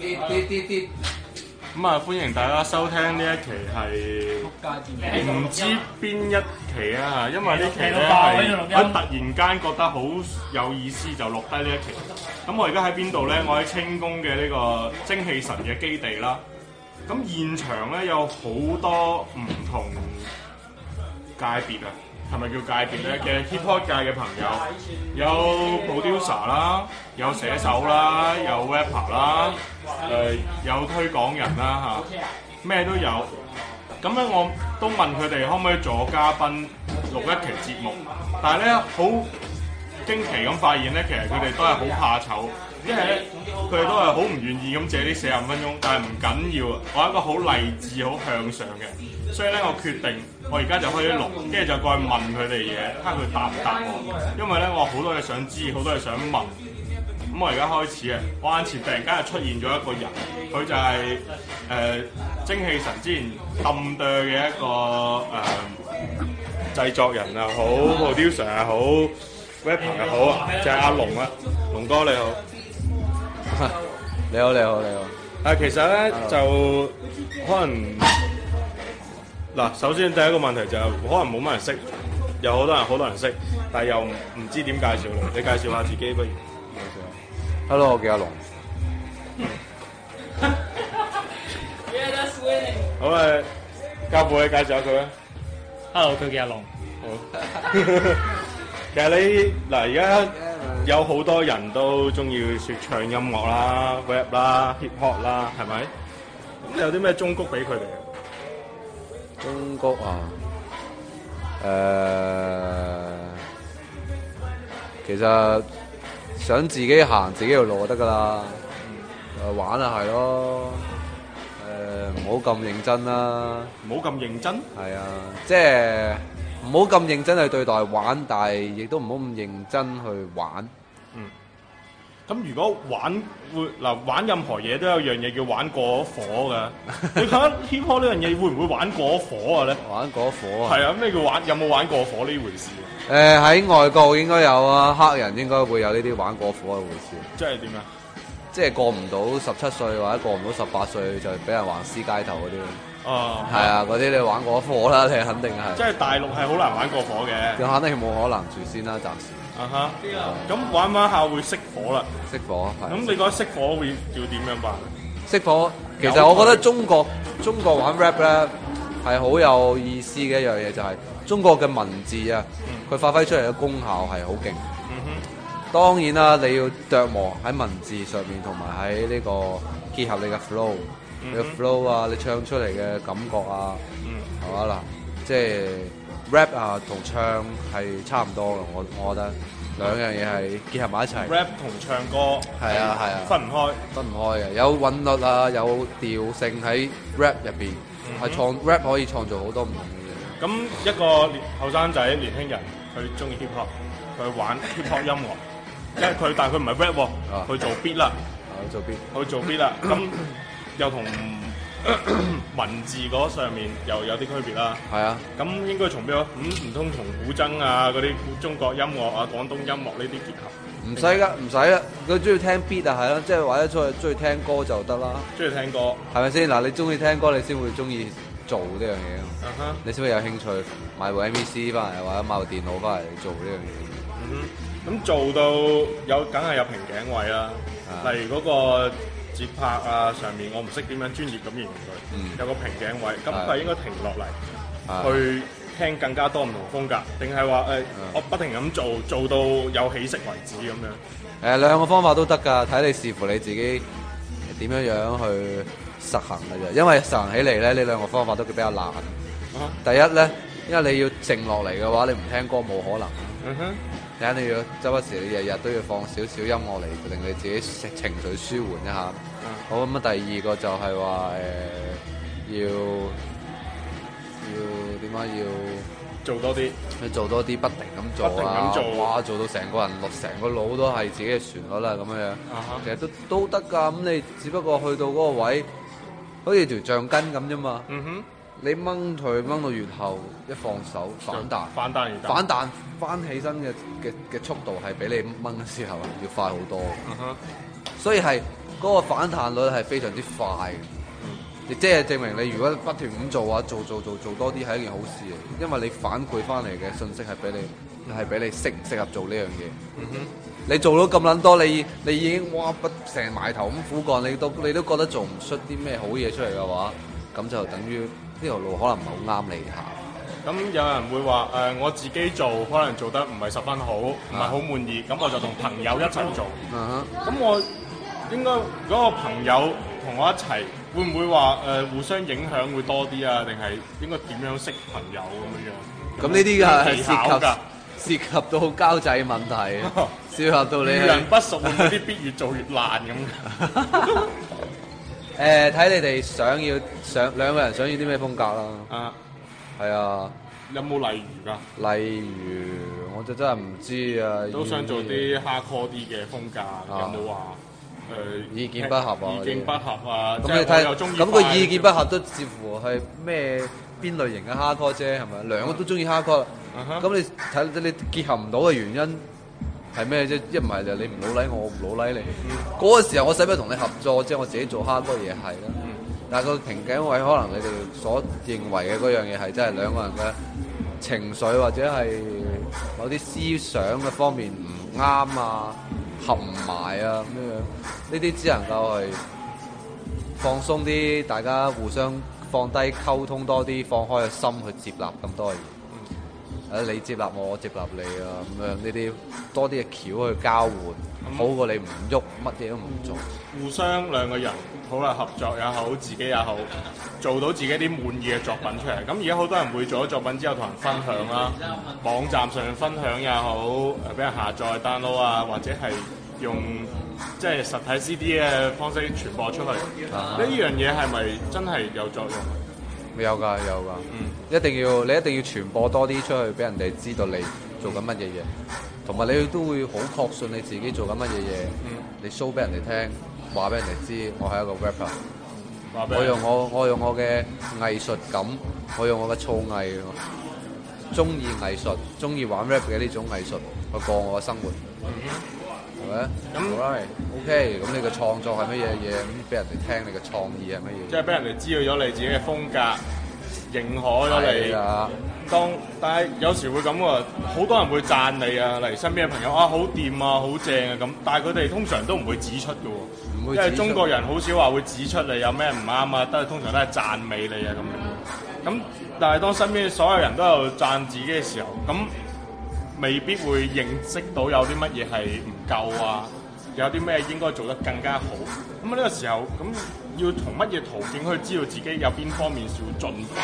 啲啲啲啲，咁啊、嗯嗯嗯，歡迎大家收聽呢一期係，唔知邊一期啊？因為這一期呢這期咧係，是我突然間覺得好有意思，就錄低呢一期。咁我而家喺邊度咧？我喺清工嘅呢個精氣神嘅基地啦。咁現場咧有好多唔同界別啊。係咪叫界別咧？嘅、嗯、hiphop 界嘅朋友，有 producer 啦，有寫手啦，有 rapper 啦、呃，誒有推廣人啦吓，咩都有。咁咧我都問佢哋可唔可以做我嘉賓錄一期節目，但係咧好驚奇咁發現咧，其實佢哋都係好怕醜，因為咧佢哋都係好唔願意咁借啲四十五分鐘，但係唔緊要，我係一個好勵志、好向上嘅，所以咧我決定。我而家就開始錄，跟住就過去問佢哋嘢，睇下佢答唔答我。因為咧，我好多嘢想知，好多嘢想問。咁我而家開始啊，我眼前突然間就出現咗一個人，佢就係、是、誒、呃、精氣神之前暗對嘅一個誒、呃、製作人啊。好 producer 又好，rapper 又好啊，就係阿龍啊，龍哥你好， 你好。你好，你好，你好。啊，其實咧 Hello. 就可能。嗱，首先第一個問題就係可能冇乜人識，有好多人好多人識，但係又唔知點介紹你，介紹下自己不如。Hello，我叫阿龍。好啊，嘉賓，你介紹下佢啊。Hello，佢叫阿龍。好。其實你嗱，而家有好多人都中意説唱音樂啦、rap 啦、hip hop 啦，係咪？咁有啲咩忠告俾佢哋？中國啊，其實想自己行自己條路就得㗎啦，玩啊係咯，唔好咁認真啦，唔好咁認真，係啊，即係唔好咁認真去對待玩，但係亦都唔好咁認真去玩。嗯。咁如果玩，嗱玩任何嘢都有樣嘢叫玩過火噶。你睇 hip hop 呢樣嘢會唔會玩過火啊？咧玩過火啊？係啊，咩叫玩？有冇玩過火呢回事？誒喺、呃、外國應該有啊，黑人應該會有呢啲玩過火嘅回事。即係點啊？即係過唔到十七歲或者過唔到十八歲就俾人橫屍街頭嗰啲。哦，係、uh, 啊，嗰啲你玩過火啦，你肯定係。即係大陸係好難玩過火嘅。咁肯定冇可能住先啦、啊，暫時、uh。啊哈。咁玩玩下會熄火啦。熄火。咁你覺得熄火會要點樣辦？熄火，其實我覺得中國台中國玩 rap 咧係好有意思嘅一樣嘢，就係、是、中國嘅文字啊，佢、嗯、發揮出嚟嘅功效係好勁。嗯、哼。當然啦，你要琢磨喺文字上面，同埋喺呢個結合你嘅 flow。你個 flow 啊，你唱出嚟嘅感覺啊，係嘛嗱？即係 rap 啊，同唱係差唔多嘅。我我覺得兩樣嘢係結合埋一齊。rap 同唱歌係啊，係啊，分唔開，分唔開嘅。有韻律啊，有調性喺 rap 入邊，係創 rap 可以創造好多唔同嘅嘢。咁一個後生仔年輕人，佢中意 hip hop，佢玩 hip hop 音樂，即係佢但係佢唔係 rap 喎，佢做 beat 啦，佢做 beat，佢做 beat 啦，咁。又同文字嗰上面又有啲區別啦，係啊，咁應該從咩？咯、啊？咁唔通同古箏啊嗰啲中國音樂啊、廣東音樂呢啲結合？唔使噶，唔使啦，佢中意聽 beat 就係咯，即係玩得出去，中意聽歌就得啦。中意聽歌，係咪先？嗱，你中意聽歌，你先會中意做呢樣嘢。啊、uh huh, 你先會有興趣買部 MVC 翻嚟，或者買部電腦翻嚟做呢樣嘢。嗯哼、uh，咁、huh, 做到有，梗係有瓶頸位啦。啊、例如嗰、那個。節拍啊！上面我唔識點樣專業咁形容佢，嗯、有個平頸位，咁佢的應該停落嚟的去聽更加多唔同風格，定係話誒，我不停咁做做到有起色為止咁樣？誒兩個方法都得㗎，睇你視乎你自己點樣樣去實行㗎啫。因為實行起嚟咧，呢兩個方法都比較難。嗯、哼第一咧，因為你要靜落嚟嘅話，你唔聽歌冇可能。睇、嗯、哼，你要周不時，你日日都要放少少音樂嚟令你自己情緒舒緩一下。嗯、好咁啊、嗯！第二個就係話誒，要要點解要做多啲？去做多啲，不停咁做，咁做啊！做到成個人落，成個腦都係自己嘅旋律啦，咁樣樣，啊、哈其實都都得噶。咁你只不過去到嗰個位，好似條橡筋咁啫嘛。嗯、哼，你掹佢掹到越後，一放手反彈，反彈反彈，而彈，反彈翻起身嘅嘅嘅速度係比你掹嘅時候要快好多。啊、哈所以係。嗰個反彈率係非常之快嘅，嗯，亦即係證明你如果不斷咁做啊，做做做做多啲係一件好事嘅，因為你反饋翻嚟嘅信息係俾你係俾你適唔適合做呢樣嘢。嗯、哼，你做到咁撚多，你你已經哇不成埋頭咁苦幹，你都你都覺得做唔出啲咩好嘢出嚟嘅話，咁就等於呢條路可能唔係好啱你行。咁有人會話誒、呃，我自己做可能做得唔係十分好，唔係好滿意，咁、啊、我就同朋友一齊做。咁、嗯、我。應該嗰個朋友同我一齊，會唔會話誒、呃、互相影響會多啲啊？定係應該點樣識朋友咁樣？咁呢啲嘅涉及涉及到交際問題， 涉及到你。遇人不熟，你啲必越做越難咁。誒，睇你哋想要想兩個人想要啲咩風格啦。啊，係啊。有冇例如㗎？例如我就真係唔知啊。都想做啲 hardcore 啲嘅風格，有冇話。啊。誒，呃、意見不合啊！意見不合啊！咁些你睇，咁個意見不合都似乎係咩邊類型嘅哈拖啫，係咪？嗯、兩個都中意哈拖，咁你睇、嗯、你結合唔到嘅原因係咩啫？一唔係就你唔老禮我，我唔老禮你。嗰個時候我使唔使同你合作即啫？就是、我自己做哈拖嘢係啦。嗯、但個瓶頸位可能你哋所認為嘅嗰樣嘢係，真、就、係、是、兩個人嘅情緒或者係某啲思想嘅方面唔啱啊。合唔埋啊，咁樣呢啲只能夠係放鬆啲，大家互相放低溝通多啲，放開個心去接納咁多嘢、誒，你接納我，我接納你啊，咁樣呢啲多啲嘅橋去交換。嗯、好過你唔喐，乜嘢都唔做。互相兩個人好啦，合作也好，自己也好，做到自己啲滿意嘅作品出嚟。咁而家好多人會做咗作品之後同人分享啦，網站上分享也好，俾、呃、人下載 download 啊，down load，或者係用即係、就是、實體 CD 嘅方式傳播出去。呢、啊、樣嘢係咪真係有作用？有㗎，有㗎。嗯，一定要你一定要傳播多啲出去，俾人哋知道你做緊乜嘢嘢。嗯。同埋你都會好確信你自己做緊乜嘢嘢，嗯、你 show 俾人哋聽，話俾人哋知，我係一個 rapper。話俾人哋聽，我用我我用我嘅藝術感，我用我嘅創意，中意藝術，中意玩 rap 嘅呢種藝術，去過我嘅生活，係咪？咁 OK，咁你嘅創作係乜嘢嘢？咁俾人哋聽你嘅創意係乜嘢？即係俾人哋知道咗你自己嘅風格，認可咗你。當，但係有時會咁喎，好多人會讚你啊，例如身邊嘅朋友啊，好掂啊，好正啊咁。但係佢哋通常都唔會指出嘅，出因為中國人好少話會指出你有咩唔啱啊，都係通常都係讚美你啊咁。咁，但係當身邊所有人都有讚自己嘅時候，咁未必會認識到有啲乜嘢係唔夠啊，有啲咩應該做得更加好。咁呢個時候，咁要從乜嘢途徑去知道自己有邊方面需要進步？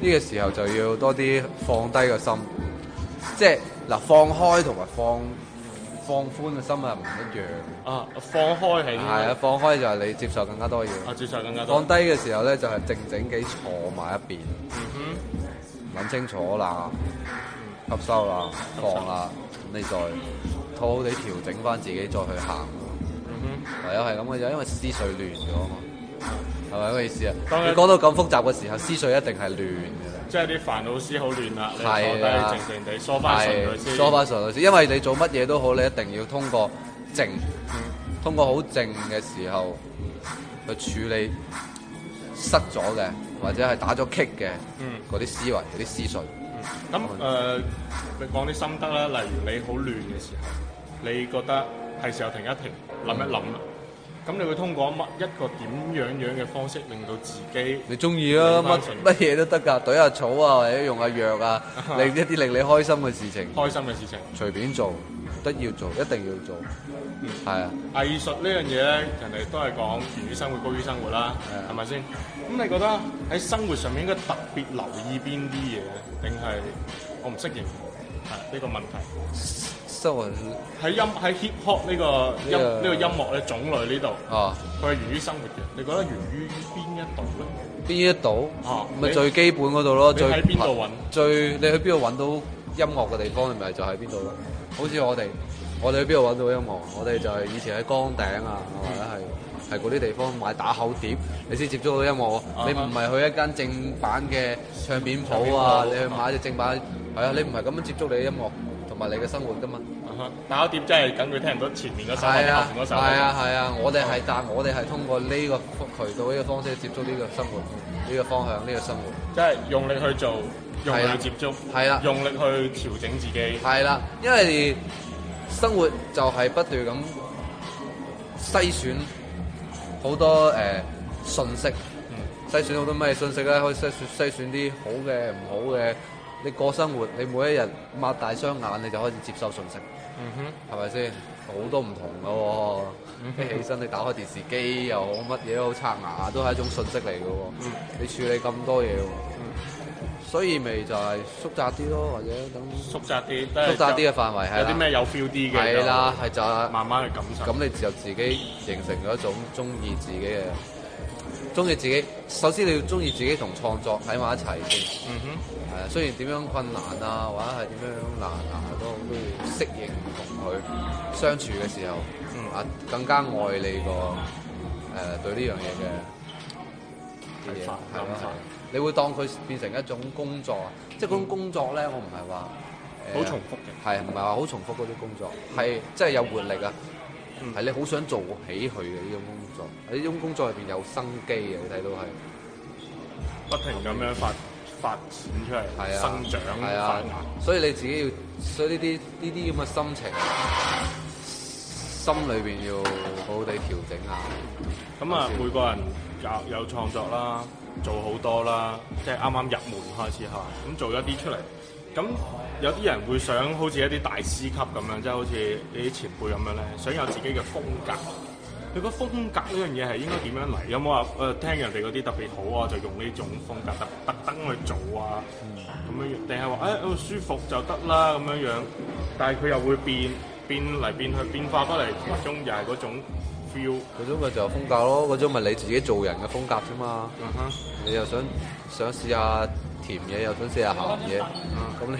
呢個時候就要多啲放低個心，即係嗱放開同埋放放寬嘅心係唔一樣。啊，放開係。係啊，放開就係你接受更加多嘢。啊，接受更加多。放低嘅時候咧，就係靜靜哋坐埋一邊，諗、嗯、哼清楚啦、嗯嗯，吸收啦，放啦，你再好好哋調整返自己再去行。嗯哼。或者係咁嘅啫，因為思緒亂咗嘛。係咪咁嘅意思啊？你講他到咁複雜嘅時候，思緒一定係亂嘅。即係啲煩惱思好亂啦，你坐低的靜靜地梳翻順佢先。梳翻順佢先，因為你做乜嘢都好，你一定要通過靜，嗯、通過好靜嘅時候去處理塞咗嘅，或者係打咗棘嘅，嗰啲、嗯、思維、嗰啲思緒。咁誒、嗯呃，你講啲心得啦，例如你好亂嘅時候，你覺得係時候停一停，諗一諗。咁你會通過乜一個點樣樣嘅方式令到自己？你中意啊乜乜嘢都得㗎，懟下草啊，或者用下藥啊，你一啲令你開心嘅事情，開心嘅事情，隨便做，都要做，一定要做，係、嗯、啊！藝術呢樣嘢咧，人哋都係講源於生活，高於生活啦，係咪先？咁吧你覺得喺生活上面應該特別留意邊啲嘢，定係我唔識認？係呢、啊這個問題。在音在生活喺音喺 hip hop 呢個音呢個音樂嘅種類呢度啊，佢係源於生活嘅，你覺得源於邊一度咧？邊一度啊？咪最基本嗰度咯。你喺邊度搵？最你去邊度搵到音樂嘅地方，咪就喺邊度咯？好似我哋，我哋去邊度搵到音樂？我哋就係以前喺崗頂啊，或者係係嗰啲地方買打口碟，你先接觸到音樂。嗯、你唔係去一間正版嘅唱片鋪啊，你去買隻正版，係啊，你唔係咁樣接觸你嘅音樂。同埋你嘅生活噶嘛？Uh、huh, 打碟真係等佢聽唔到前面嗰首，後面嗰首。係啊，係啊，啊，我哋係但，我哋係通過呢個渠道呢個方式去接觸呢個生活，呢、這個方向，呢、這個生活。即係用力去做，用力去接觸，係啦、啊，啊、用力去調整自己，係啦、啊啊。因為生活就係不斷咁篩選好多誒、呃、信息，篩選好多咩信息啦，可以篩篩選啲好嘅，唔好嘅。你過生活，你每一日擘大雙眼，你就開始接受信息，係咪先？好多唔同㗎喎，一起身你打開電視機又好，乜嘢都好，刷牙都係一種信息嚟嘅喎。你處理咁多嘢喎，所以咪就係縮窄啲咯，或者等縮窄啲，縮窄啲嘅範圍係有啲咩有 feel 啲嘅。係啦，係就係慢慢去感受。咁你就自己形成咗一種中意自己嘅。中意自己，首先你要中意自己同創作喺埋一齊先。嗯哼，係啊、呃，雖然點樣困難啊，或者係點樣難難、啊、都都要適應同佢相處嘅時候，啊、嗯呃，更加愛你個誒、呃、對呢樣嘢嘅嘢。係咯，你會當佢變成一種工作，即係嗰種工作咧，嗯、我唔係話好重複嘅，係唔係話好重複嗰啲工作，係即係有活力啊！係、嗯、你好想做起佢嘅呢種工作，喺呢種工作入邊有生機嘅，你睇到係不停咁樣發發展出嚟，係啊、生長、係啊、發芽。啊、所以你自己要，所以呢啲呢啲咁嘅心情，心裏邊要好好地調整下。咁啊，每個人有有創作啦，做好多啦，即係啱啱入門開始嚇，咁、嗯、做一啲出嚟。咁、嗯、有啲人會想好似一啲大師級咁樣，即係好似啲前輩咁樣咧，想有自己嘅風格。佢個風格呢樣嘢係應該點樣嚟？有冇話、呃、聽人哋嗰啲特別好啊，就用呢種風格特特登去做啊？咁、嗯、樣定係話誒舒服就得啦咁樣樣？但係佢又會變變嚟變去，變化翻嚟最終又係嗰種 feel。嗰種咪就係風格咯，嗰種咪你自己做人嘅風格啫嘛。嗯、哼你又想想試下？甜嘢又想食下鹹嘢，咁、嗯、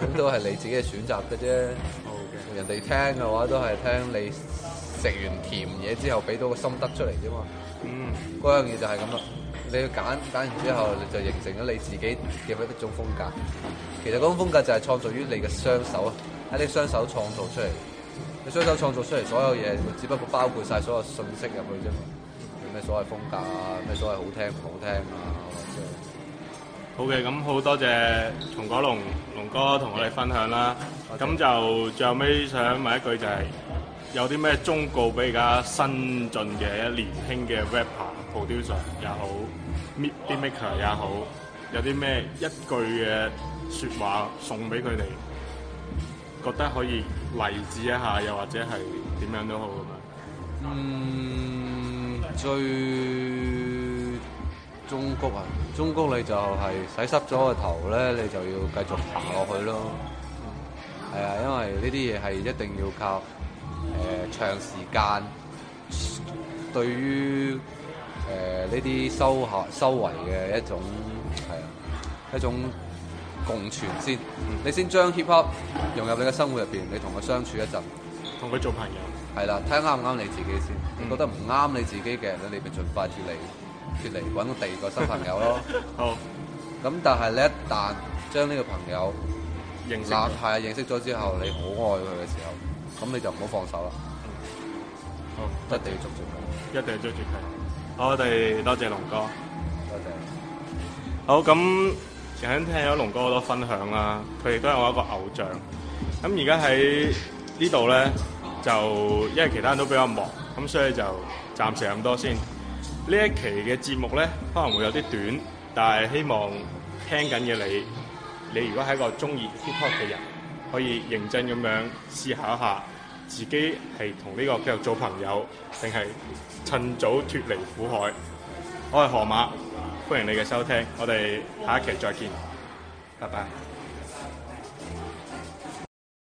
你咁都係你自己嘅選擇嘅啫。Oh, okay. 人哋聽嘅話都係聽你食完甜嘢之後俾到個心得出嚟啫嘛。嗯，嗰樣嘢就係咁咯。你要揀揀完之後，你就形成咗你自己嘅一種風格。其實嗰種風格就係創造於你嘅雙手啊，喺你雙手創造出嚟。你雙手創造出嚟所有嘢，只不過包括晒所有信息入去啫嘛。有咩所謂風格啊？咩所謂好聽唔好聽啊？好嘅，咁好多謝松果龍龍哥同我哋分享啦。咁就最後尾想問一句就係，有啲咩忠告俾而家新進嘅年輕嘅 rapper、producer 也好、midmaker 也好，有啲咩一句嘅説話送俾佢哋，覺得可以勵志一下，又或者係點樣都好咁樣？嗯，最。中谷啊，中谷你就係洗濕咗個頭咧，你就要繼續行落去咯。係啊，因為呢啲嘢係一定要靠誒、呃、長時間對於誒呢啲修學修為嘅一種係啊，一種共存先。嗯、你先將 hip hop 融入你嘅生活入邊，你同佢相處一陣，同佢做朋友。係啦，睇下啱唔啱你自己先。嗯、你覺得唔啱你自己嘅，你咪盡快處理。脱離揾到第二個新朋友咯。好。咁但係你一旦將呢個朋友納下認識咗之後，你好愛佢嘅時候，咁你就唔好放手啦。好，一定要捉住佢。一定要捉住佢。好，我哋多謝龍哥。多謝。好，咁前陣聽咗龍哥好多分享啦，佢亦都係我一個偶像。咁而家喺呢度咧，就因為其他人都比較忙，咁所以就暫時咁多先。呢一期嘅節目咧，可能會有啲短，但係希望聽緊嘅你，你如果係一個鍾意 hiphop 嘅人，可以認真咁樣思考下，自己係同呢個繼續做朋友，定係趁早脱離苦海？我係河馬，歡迎你嘅收聽，我哋下一期再見，拜拜。